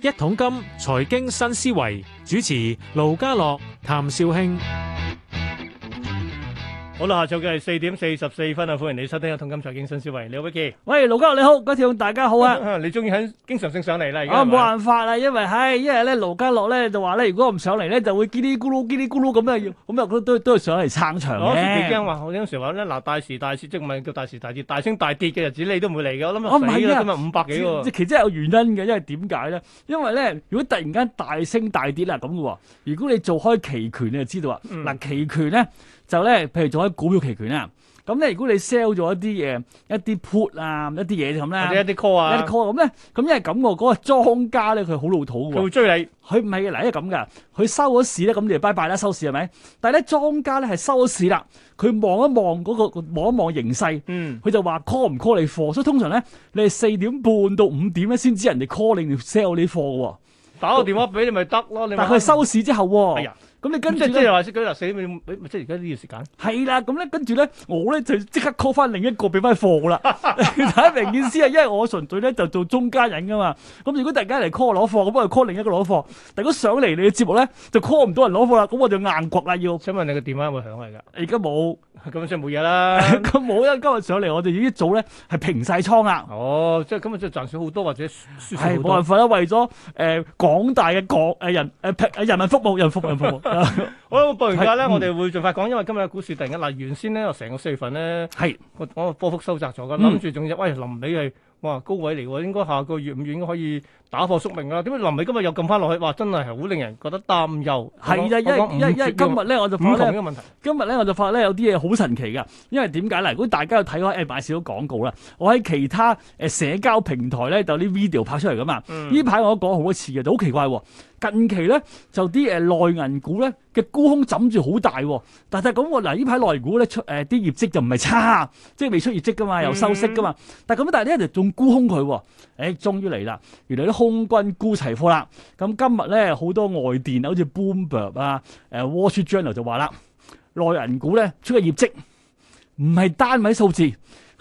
一桶金財經新思維，主持盧家樂、譚少慶。好啦，下晝嘅係四點四十四分啊！歡迎你收聽《有通金財經》，新思維，你好，B 機。喂，盧家樂，你好 Guys 大家好啊！你終於肯經常性上嚟啦，而家冇辦法啦，因為係因爲咧，盧家樂咧就話咧，如果我唔上嚟咧，就會嘰哩咕嚕、嘰哩咕嚕咁啊要，咁又都都係上嚟撐場嘅。我最驚話，我經常話咧，嗱，大時大市即唔係叫大時大市，大升大跌嘅日子你都唔會嚟嘅，我諗啊，死啦，今日五百幾喎。其實有原因嘅，因為點解咧？因為咧，如果突然間大升大跌啦咁嘅話，如果你做開期權，你就知道啊。嗱，期權咧。就咧，譬如做一股票期權啊，咁、嗯、咧如果你 sell 咗一啲嘢，一啲 put 啊，一啲嘢咁咧，一啲 call 啊，一啲 call 咁咧，咁因為咁喎，嗰個莊家咧，佢好老土喎，佢會追你，佢唔係嚟嗱，係咁㗎，佢收咗市咧，咁你就拜拜啦，收市係咪？但係咧，莊家咧係收咗市啦，佢望一望嗰個望一望形勢，佢、嗯、就話 call 唔 call 你貨，所以通常咧，你係四點半到五點咧先知人哋 call 你定 sell 你貨嘅喎，打個電話俾你咪得咯，你。但係佢收市之後、哎咁、嗯、你跟住即係話説嗰啲死咪即係而家呢段時間？係啦，咁、嗯、咧跟住咧，我咧就即刻 call 翻另一個俾翻貨啦。睇明意思係因為我純粹咧就做中間人噶嘛。咁、嗯、如果突然間嚟 call 攞貨，咁我嚟 call 另一個攞貨。但如果上嚟你嘅節目咧，就 call 唔到人攞貨啦，咁我就硬國啦。要請問你嘅電話有冇響嚟㗎？而家冇，咁即係冇嘢啦。咁冇因今日上嚟，我哋已一早咧係平晒倉額。哦，即係今日就賺少好多或者輸少好多。係冇辦法啦，為咗誒廣大嘅國誒人誒、呃、人民服務，人民服務。 好，我報完價咧，我哋會盡快講，因為今日嘅股市突然間嗱，原先咧我成個四月份咧，係我我波幅收窄咗㗎，諗住仲有喂臨尾係哇高位嚟，應該下個月唔遠可以打破宿命啦。點解臨尾今日又撳翻落去，話真係好令人覺得擔憂。係啊，因為因為因為今日咧我就發現咗呢個問題，今日咧我就發咧有啲嘢好神奇噶。因為點解嗱？如果大家有睇開誒，擺少少廣告啦，我喺其他誒社交平台咧就啲 video 拍出嚟噶嘛。呢排我講好多次嘅，就好奇怪。近期咧就啲誒內銀股咧嘅沽空枕住好大，哦，但係咁喎嗱，呢排內銀股咧出誒啲、呃、業績就唔係差，即係未出業績噶嘛，又收息噶嘛，嗯、但係咁，但係咧就仲沽空佢，哦、誒、哎、終於嚟啦，原來啲空軍沽齊貨啦。咁今日咧好多外電啊，好似 Bloomberg 啊、誒 Wall Street Journal 就話啦，內銀股咧出嘅業績唔係單位數字。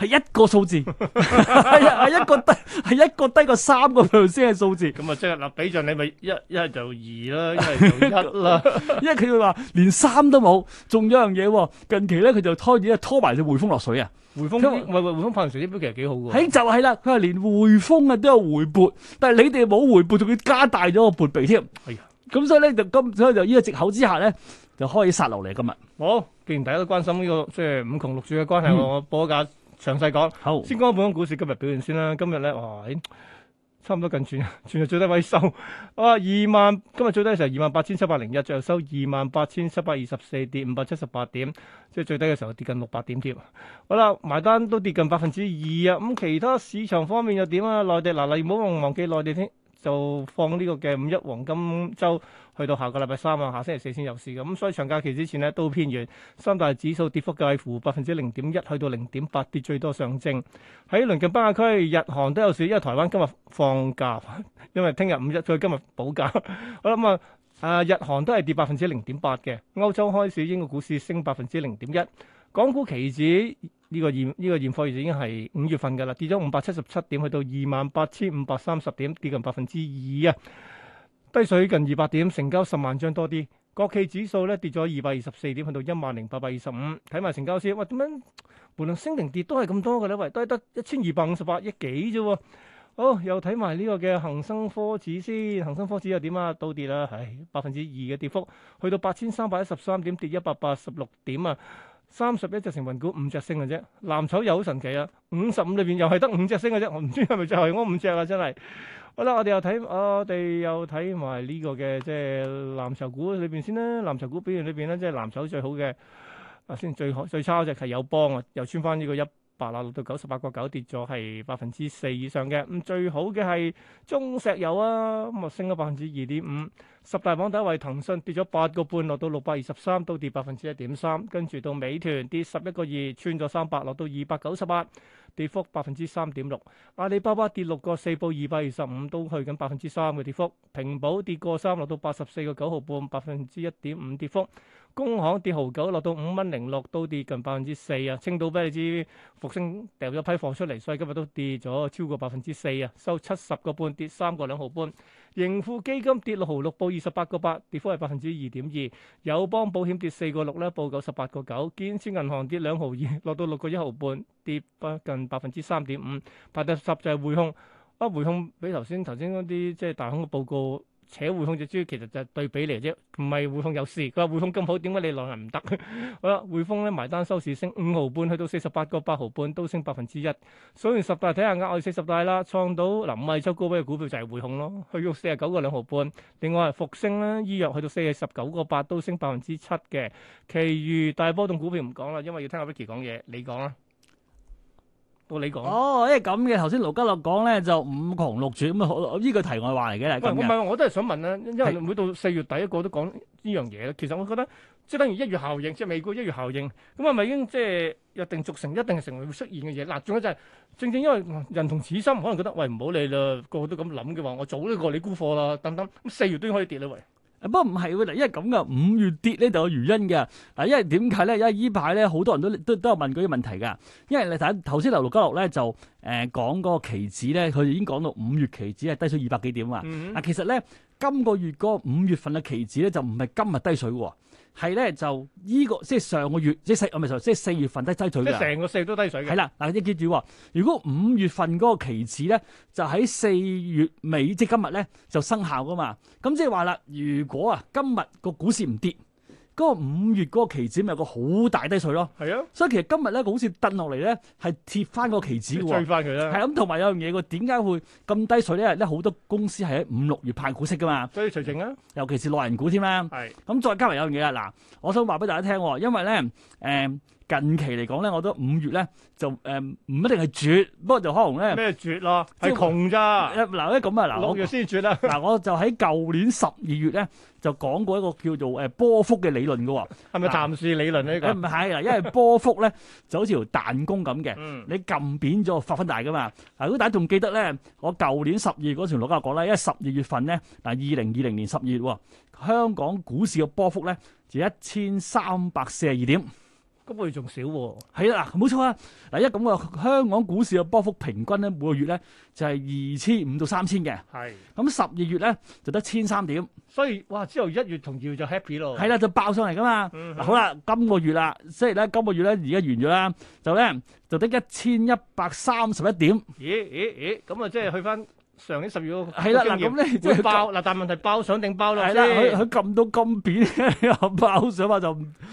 係一個數字，係一個低，係 一個低過三個 percent 嘅數字。咁啊，即係嗱，比盡你咪一，一係就二啦，一係就一啦。因為佢會話連三都冇，仲有一樣嘢。近期咧，佢就開始拖埋隻匯豐落水啊。匯豐唔係匯豐派紅船啲都其實幾好嘅。就係啦，佢係連匯豐啊都有回撥，但係你哋冇回撥，仲要加大咗個撥備添。係咁、哎、呀所以咧就今，所以就呢個借口之下咧，就開始殺落嚟㗎嘛。好、哦，既然大家都關心呢、這個即係、就是、五窮六絕嘅關係，我報價。詳細講，好先講下本港股市今日表現先啦。今日咧，哇，哎，差唔多近轉，轉到最低位收啊，二萬。今日最低嘅時候二萬八千七百零一，最後收二萬八千七百二十四，跌五百七十八點，即係最低嘅時候跌近六百點添。好啦，埋單都跌近百分之二啊。咁其他市場方面又點啊？內地嗱，你唔好忘忘記內地先。就放呢個嘅五一黃金周，去到下個禮拜三啊，下星期四先有市嘅，咁所以長假期之前咧都偏軟。三大指數跌幅介乎百分之零點一去到零點八，跌最多上證。喺鄰近北亞區，日韓都有市，因為台灣今日放假，因為聽日五一，佢今日補假。 我諗啊，啊日韓都係跌百分之零點八嘅。歐洲開市，英國股市升百分之零點一。港股期指。呢個現呢、呢個現貨月已經係五月份噶啦，跌咗五百七十七點，去到二萬八千五百三十點，跌近百分之二啊，低水近二百點，成交十萬張多啲。國企指數咧跌咗二百二十四點，去到一萬零八百二十五。睇埋成交先，喂，點樣無論升定跌都係咁多嘅咧，喂，都係得一千二百五十八億幾啫喎。好，又睇埋呢個嘅恒生科指先，恒生科指又點啊？倒跌啦，唉，百分之二嘅跌幅，去到八千三百一十三點，跌一百八十六點啊。三十一隻成分股，五隻升嘅啫。藍籌又好神奇啊！五十五裏邊又係得五隻升嘅啫，我唔知係咪就係、是、我五隻啦，真係。好啦，我哋又睇，我哋又睇埋呢個嘅即係藍籌股裏邊先啦。藍籌股表現裏邊咧，即、就、係、是、藍籌最好嘅。啊，先最最差嗰隻係友邦啊，又穿返呢個一。百啦，六到九十八個九，跌咗係百分之四以上嘅。咁最好嘅係中石油啊，咁啊升咗百分之二點五。十大榜第一位騰訊跌咗八個半，落到六百二十三，都跌百分之一點三。跟住到美團跌十一個二，穿咗三百，落到二百九十八。跌幅百分之三點六，阿里巴巴跌六個四，報二百二十五，都去緊百分之三嘅跌幅。平保跌過三，落到八十四個九毫半，百分之一點五跌幅。工行跌毫九，落到五蚊零六，都跌近百分之四啊。青島啤你知，復星掉咗批貨出嚟，所以今日都跌咗超過百分之四啊，收七十個半，跌三個兩毫半。盈富基金跌六毫六，報二十八個八，跌幅係百分之二點二。友邦保險跌四個六咧，報九十八個九。建設銀行跌兩毫二，落到六個一毫半，跌不近。百分之三點五，八到十就係、是、匯控。啊，匯控比頭先頭先嗰啲即係大行嘅報告扯匯控隻豬，其實就係對比嚟啫，唔係匯控有事。佢話匯控咁好，點解你內銀唔得？ 好啦，匯豐咧埋單，收市升五毫半，去到四十八個八毫半，都升百分之一。所以十大睇下額外四十大啦，創到嗱五二周高位嘅股票就係匯控咯，去到四十九個兩毫半。另外係復星咧，醫藥去到四十九個八，都升百分之七嘅。其餘大波動股票唔講啦，因為要聽阿 Ricky 講嘢，你講啦。我你講哦，因為咁嘅頭先盧嘉樂講咧就五窮六絕咁啊！呢個題外話嚟嘅啦。唔係喂我都係想問咧，因為每到四月第一個都講呢樣嘢咧。是其實我覺得即係等於一月效應，即係美國一月效應咁啊，咪已經即係約定俗成一定成為會出現嘅嘢。嗱、啊，仲有就係、是、正正因為人同此心，可能覺得喂唔好理啦，個個都咁諗嘅話，我早都過你沽貨啦，等等咁四月都已經可以跌啦，喂。不過唔係喎，嗱，因為咁嘅五月跌呢度有原因嘅。嗱，因為點解咧？因為依排咧好多人都都都有問嗰啲問題嘅。因為你睇頭先劉六加六咧就誒、呃、講嗰個期指咧，佢已經講到五月期指係低水二百幾點啊。嗱、嗯，其實咧今個月嗰五月份嘅期指咧就唔係今日低水喎。係咧就依、這個即係上個月即係四係咪即係四月份低低水嘅，即係成個四月都低水嘅。係啦，嗱，你記住如果五月份嗰個期指咧就喺四月尾即係今日咧就生效噶嘛，咁即係話啦，如果啊今日個股市唔跌。嗰個五月嗰個期指咪有個好大低水咯，係啊，所以其實今日咧，佢好似跌落嚟咧，係貼翻個期指喎，追翻佢啦，係咁，同埋有樣嘢，佢點解會咁低水咧？咧好多公司係喺五六月派股息噶嘛，所以隨情啦，尤其是內銀股添啦，係是，咁再加埋有樣嘢啊，嗱，我想話俾大家聽，因為咧，誒、呃。近期嚟講咧，我覺得五月咧就誒唔、嗯、一定係絕，不過就可能咧咩絕咯、啊，係是窮咋嗱咧咁啊嗱六月先絕啦嗱，我就喺舊年十二月咧就講過一個叫做誒波幅嘅理論嘅喎，係咪暫時理論呢、這個？唔係啦，因為波幅咧就好似條彈弓咁嘅， 你撳扁咗發翻大噶嘛嗱。如果大家仲記得咧，我舊年十二嗰條錄音講啦，因為十二月份咧嗱二零二零年十二月香港股市嘅波幅咧就一千三百四十二點。今個月仲少喎，係啦，冇錯啊！嗱，一家咁嘅香港股市嘅波幅平均咧，每個月咧就係二千五到三千嘅。係的，咁十二月咧就得千三點。所以，哇！之後一月同二月就 happy 咯。係啦，就爆上嚟噶嘛。嗱、嗯，好啦，今個月啦，即係咧，今個月咧而家完咗啦，就咧就得一千一百三十一點。咦咦咦！咁啊，即係去翻上年十月？個係啦。嗱，咁咧即係爆。嗱，但問題爆上定爆落先？佢佢撳到金片又 爆上，話就唔～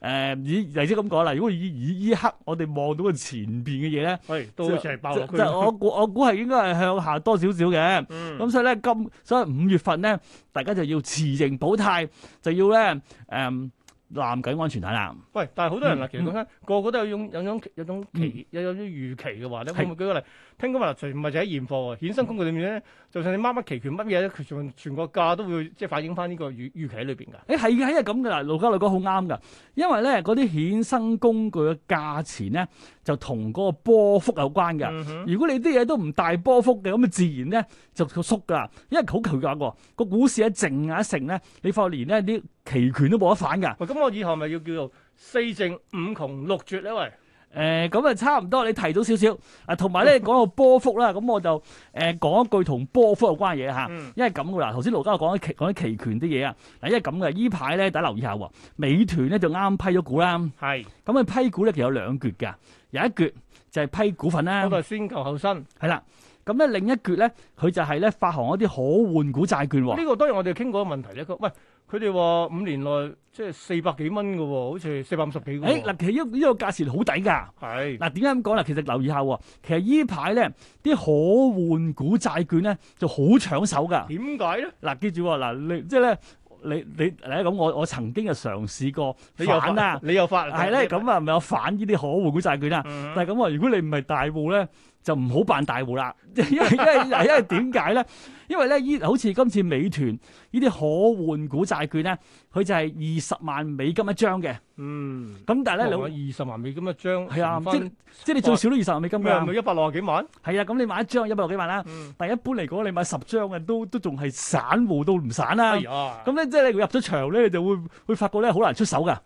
誒、呃、以，例如咁講啦，如果以以依刻我哋望到嘅前邊嘅嘢咧，都係爆落去。即係我估，我估係應該係向下多少少嘅。咁、嗯、所以咧，今所以五月份咧，大家就要持盈保泰，就要咧誒。呃攬緊安全帶啦。喂，但係好多人啊，其實講緊，個個都有種有種有種期有有啲預期嘅話咧。你可唔可以舉個例？聽講話除唔係就喺現貨嘅衍生工具裏面咧，就算你乜乜期權乜嘢咧，佢全全個價都會即係反映翻呢個預預期喺裏邊㗎。誒係㗎，係啊咁㗎嗱，盧家你講好啱㗎，因為咧嗰啲衍生工具嘅價錢咧就同嗰個波幅有關㗎。如果你啲嘢都唔帶波幅嘅，咁啊自然咧就佢縮㗎，因為好求價喎。個股市喺靜啊，剩咧，你放年呢。啲。期權都冇得反噶，喂！咁我以後咪要叫做四正五窮六絕咧，喂！誒，咁啊差唔多，你提到少少啊，同埋咧講到波幅啦，咁我就誒講一句同波幅有關嘢吓，因為咁噶啦。頭先盧家又講啲講啲期權啲嘢啊，嗱，因為咁嘅，呢排咧大家留意下喎。美團咧就啱批咗股啦，係咁啊批股咧其實有兩訣嘅，有一訣就係批股份啦，咁就先求後身，係啦。咁、嗯、咧另一訣咧，佢就係咧發行一啲可換股債券。呢個當然我哋傾過個問題咧，佢喂。佢哋話五年內即係四百幾蚊嘅喎，好似四百五十幾嘅。哎，嗱，其實依依個價錢好抵㗎。係是，嗱，點解咁講咧？其實留意下喎，其實依排咧啲可換股債券咧就好搶手㗎。點解咧？嗱、啊，記住嗱、啊，即係咧，你你你咁、啊，我我曾經就嘗試過反啊，你又發係咧，咁啊咪 有反呢啲可換股債券啦、啊。嗯、但係咁啊，如果你唔係大戶咧。就唔好辦大戶啦，因為因為因為點解咧？因為咧依 好似今次美團呢啲可換股債券咧，佢就係二十萬美金一張嘅。嗯，咁但係咧，你話二十萬美金一張係啊，回即即你最少都二十萬美金啊。唔咪一百六十幾萬？係啊，咁你買一張一百六十幾萬啦。嗯、但係一般嚟講，你買十張嘅都都仲係散戶都唔散啦、啊。咁咧、哎呀嗯嗯、即係你入咗場咧，你就會會發覺咧好難出手噶。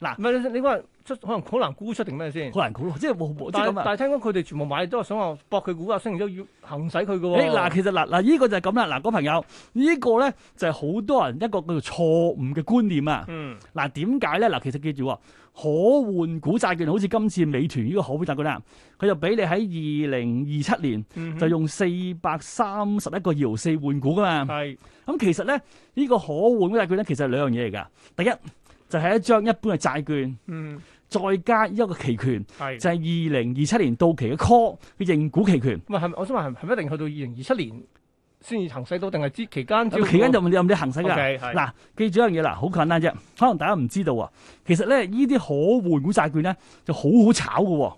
嗱，唔係你你講話出可能好難估出定咩先？好難估咯，即係但但聽講佢哋全部買都係想話搏佢股價升，都行要行使佢嘅喎。嗱，其實嗱嗱呢個就係咁啦。嗱、這，個朋友，呢、這個咧就係好多人一個叫做錯誤嘅觀念啊。嗯。嗱，點解咧？嗱，其實記住啊，可換股債券好似今次美團呢個可換股債券，佢就俾你喺二零二七年就用四百三十一個搖四換股㗎嘛。係、嗯哼。咁其實咧，呢、這個可換股債券咧，其實係兩樣嘢嚟㗎。第一。就係一張一般嘅債券，嗯，再加一個期權，係是就係二零二七年到期嘅 call 去認股期權。唔係，我想問係唔係一定去到二零二七年先至行使到，定係之期間？期間就問你有冇得行使嘅？嗱、okay, 是，記住一樣嘢啦，好簡單啫。可能大家唔知道喎，其實咧呢啲可換股債券咧就好好炒嘅、啊。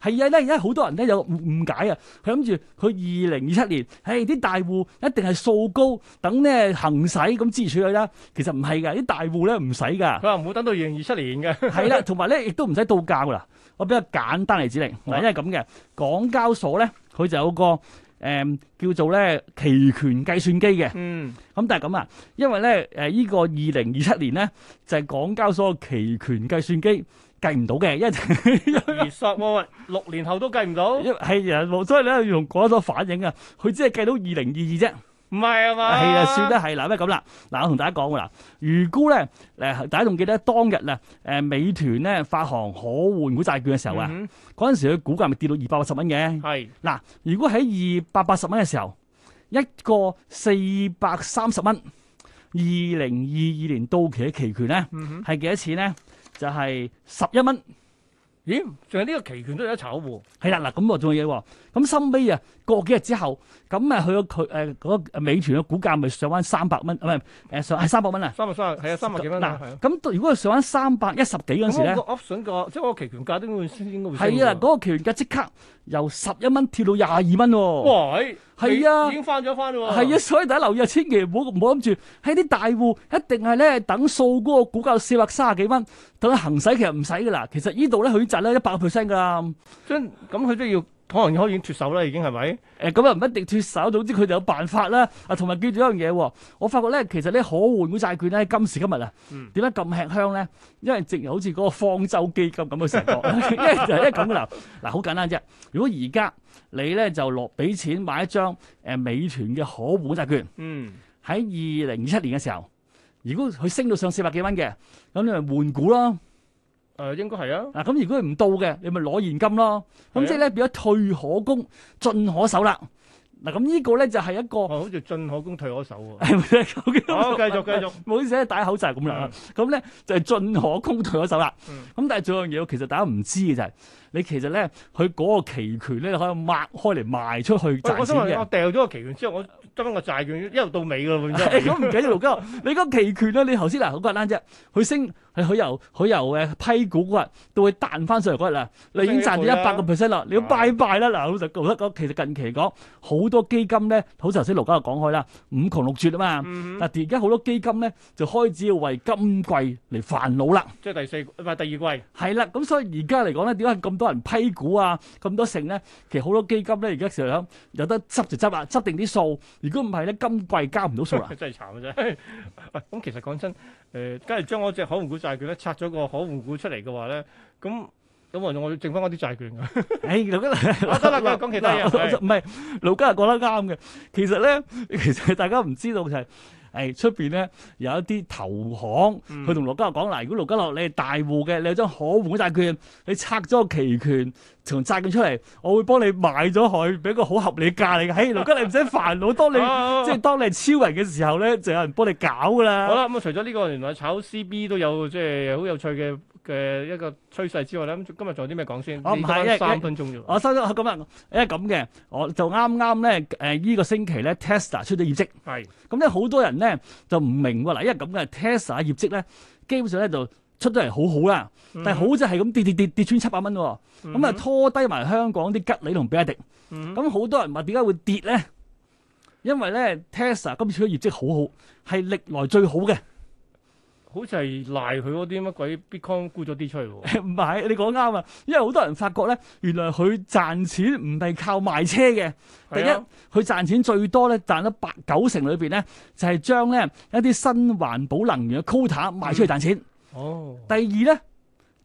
係啊！咧而家好多人咧有誤解啊！佢諗住佢二零二七年，誒啲大戶一定係掃高等咧行使咁資產去啦。其實唔係㗎，啲大戶咧唔使㗎。佢話唔好等到二零二七年嘅。係 啦，同埋咧亦都唔使到價㗎啦。我比較簡單嚟指令，嗱、啊，因為咁嘅港交所咧，佢就有個。誒，嗯、叫做咧期權計算機嘅，咁、嗯、但係咁啊，因為咧誒呢、呃這個二零二七年咧就係、是、港交所期權計算機計唔到嘅，因為二十， 六年後都計唔到，係人、哎，所以咧用港交所反映啊，佢只係計到二零二二啫。唔係啊嘛，係啊，算咧係嗱，咩為咁啦，嗱，我同大家講喎嗱，如果咧誒，大家仲記得當日咧誒、呃，美團咧發行可換股債券嘅時候啊，嗰陣、嗯、哼時佢股價咪跌到二百八十蚊嘅，係嗱是，如果喺二百八十蚊嘅時候，一個四百三十蚊，二零二二年到期嘅期權咧，係幾、嗯、哼多錢咧？就係十一蚊。咦，仲係呢個期權都、啊、有得炒喎？係啦，嗱咁我仲有嘢喎。咁收尾啊，過幾日之後，咁咪去咗佢誒嗰美團嘅股價咪上翻三百蚊，唔係誒上係三百蚊啊？三百三百，係啊，三百幾蚊啊。咁如果佢上翻三百一十幾嗰陣時咧，咁個 option 個即係個期權價點會先應該會係啊？嗰、嗰個期權價即刻由十一蚊跳到廿二蚊喎。係啊，已經翻咗翻咯喎。係啊，所以大家留意啊，千祈唔好唔好諗住喺啲大戶，一定係咧等數嗰個股價四百三十幾蚊，等佢行使，其實唔使噶啦。其實呢度咧，佢賺咧一百 percent 噶啦。即咁佢都要。可能已經脫手啦，已經係咪？誒咁又唔一定脫手，總之佢哋有辦法啦。啊，同埋記住一樣嘢喎，我發覺咧，其實呢可換股債券咧，今時今日啊，點解咁吃香咧？因為正如好似嗰個方舟基金咁嘅成個， 因為就係咁啦。嗱、 啊，好簡單啫。如果而家你咧就落俾錢買一張誒美團嘅可換股債券，嗯，喺二零二七年嘅時候，如果佢升到上四百幾蚊嘅，咁你咪換股咯。誒，應該係啊。嗱、啊，咁如果佢唔到嘅，你咪攞現金咯。咁、啊嗯、即係咧，變咗退可攻，進可守啦。嗱、啊，咁呢個咧就係一個，好似進可攻退可守喎。好，繼續繼續。唔好意思，大家口罩咁樣咁咧、嗯嗯、就係、是、進可攻退可守啦。咁、嗯、但係仲有樣嘢，其實大家唔知嘅就係、是，你其實咧，佢嗰個期權咧可以擘開嚟賣出去賺，我想掉咗的個期權之後，我執翻個債券一路到尾噶，咁唔緊要，盧哥、啊，哎、 你嗰個期權咧，你頭先嗱好簡單啫，佢升。佢由佢由誒批股嗰日到佢彈翻上嚟嗰日啦，你已經賺咗一百個 percent 啦，你要拜拜啦嗱！老實講，其實近期講好多基金咧，好頭先盧家又講開啦，五窮六絕啊嘛。嗱，而家好多基金咧就開始要為今季嚟煩惱啦。即係第四唔係第二季。係啦，咁所以而家嚟講咧，點解咁多人批股啊？咁多剩咧，其實好多基金咧而家成日想有得執就執啊，執定啲數。如果唔係咧，今季交唔到數啦！真係慘嘅咋！真咁，其實講真。誒，假如將我只可換股債券咧拆咗個可換股出嚟嘅話咧，咁咁我我淨翻嗰啲債券嘅。誒、 哎，老吉，我得啦， 講其他嘢，唔係 老吉係講得啱嘅。其實咧，其實大家唔知道就係、是。誒出邊咧有一啲投行，佢同盧家樂講：嗱、啊，如果盧家樂你係大戶嘅，你有張可換嘅債券，你拆咗個期權同債券出嚟，我會幫你買咗佢，俾個好合理價嚟嘅。嘿、欸，盧家樂，你唔使煩惱，當你、 啊啊、即係當你係超人嘅時候咧，就有人幫你搞㗎啦。好啦，咁、嗯、啊，除咗呢、這個，原來炒 CB 都有即係好有趣嘅。嘅一個趨勢之外咧，咁今日仲有啲咩講先？我唔係，因為三分鐘啫。我收咗咁啊，因為咁嘅，我就啱啱咧，誒呢個星期咧，Tesla 出咗業績。係。咁咧，好多人咧就唔明喎，嗱，因為咁嘅 Tesla 業績咧，基本上咧就出咗嚟好好啦，但係好就係咁跌跌跌跌穿七百蚊喎，咁啊拖低埋香港啲吉利同比亞迪。嗯。咁好多人話點解會跌咧？因為咧 Tesla 今次嘅業績好好，係歷來最好嘅。好似係賴佢嗰啲乜鬼 Bitcoin 沽咗啲出嚟喎。唔係， 你講啱啊！因為好多人發覺咧，原來佢賺錢唔係靠賣車嘅。第一，佢、啊、賺錢最多咧，賺咗八九成裏邊咧，就係、是、將咧一啲新環保能源嘅 quota 賣出去賺錢。嗯、哦。第二咧。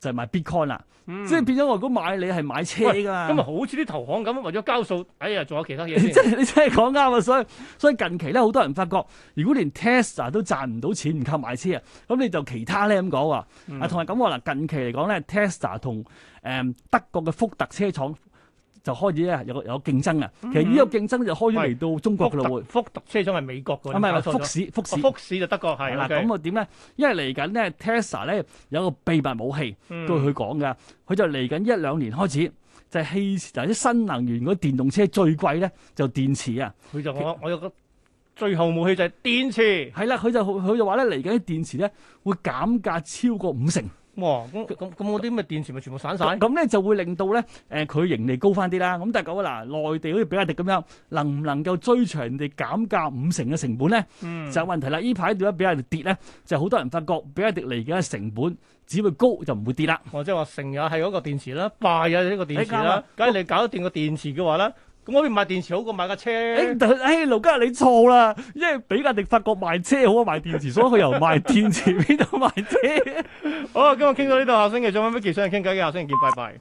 就買 Bitcoin 啦，嗯、即係變咗。如果買你係買車㗎，咁咪好似啲投行咁，為咗交數，哎呀，仲有其他嘢先。真你真係講啱啊！所以所以近期咧，好多人發覺，如果連 Tesla 都賺唔到錢，唔及買車啊，咁你就其他咧咁講喎。啊，同埋咁話啦，近期嚟講咧，Tesla 同誒、嗯、德國嘅福特車廠。就開始咧有有競爭啊！其實呢個競爭就開始嚟到中國啦喎、嗯，福特車廠係美國嘅，唔係，福士，福士、哦、福士就德國係啦。咁啊點咧？因為嚟緊咧，Tesla 咧有一個秘密武器，都要佢講噶。佢就嚟緊一兩年開始，就係、是、氣就啲、是、新能源嗰啲電動車最貴咧，就是、電池啊。佢就我我有個最後武器就係電池，係啦其，佢就佢就話咧嚟緊啲電池咧會減價超過五成。哇！咁咁咁，我啲咁嘅電池咪全部散晒？咁咧就會令到咧，誒佢盈利高翻啲啦。咁但係咁啊嗱，內地好似比亞迪咁樣，能唔能夠追隨人哋減價五成嘅成本咧？嗯，就有問題啦。依排點解比亞迪跌咧？就係好多人發覺比亞迪嚟嘅成本只會高就唔會跌啦。哦，即係話成日係嗰個電池啦，敗啊呢個電池啦。梗係你搞掂個電池嘅話咧。咁我哋賣電池好過賣架車，誒、欸，誒、欸，盧吉你錯啦，因為比亞迪發覺賣車好過賣電池，所以佢由賣電池變到賣車。好啊，今日傾到呢度，下星期再揾乜嘢嘢商傾偈，下星期見，拜拜。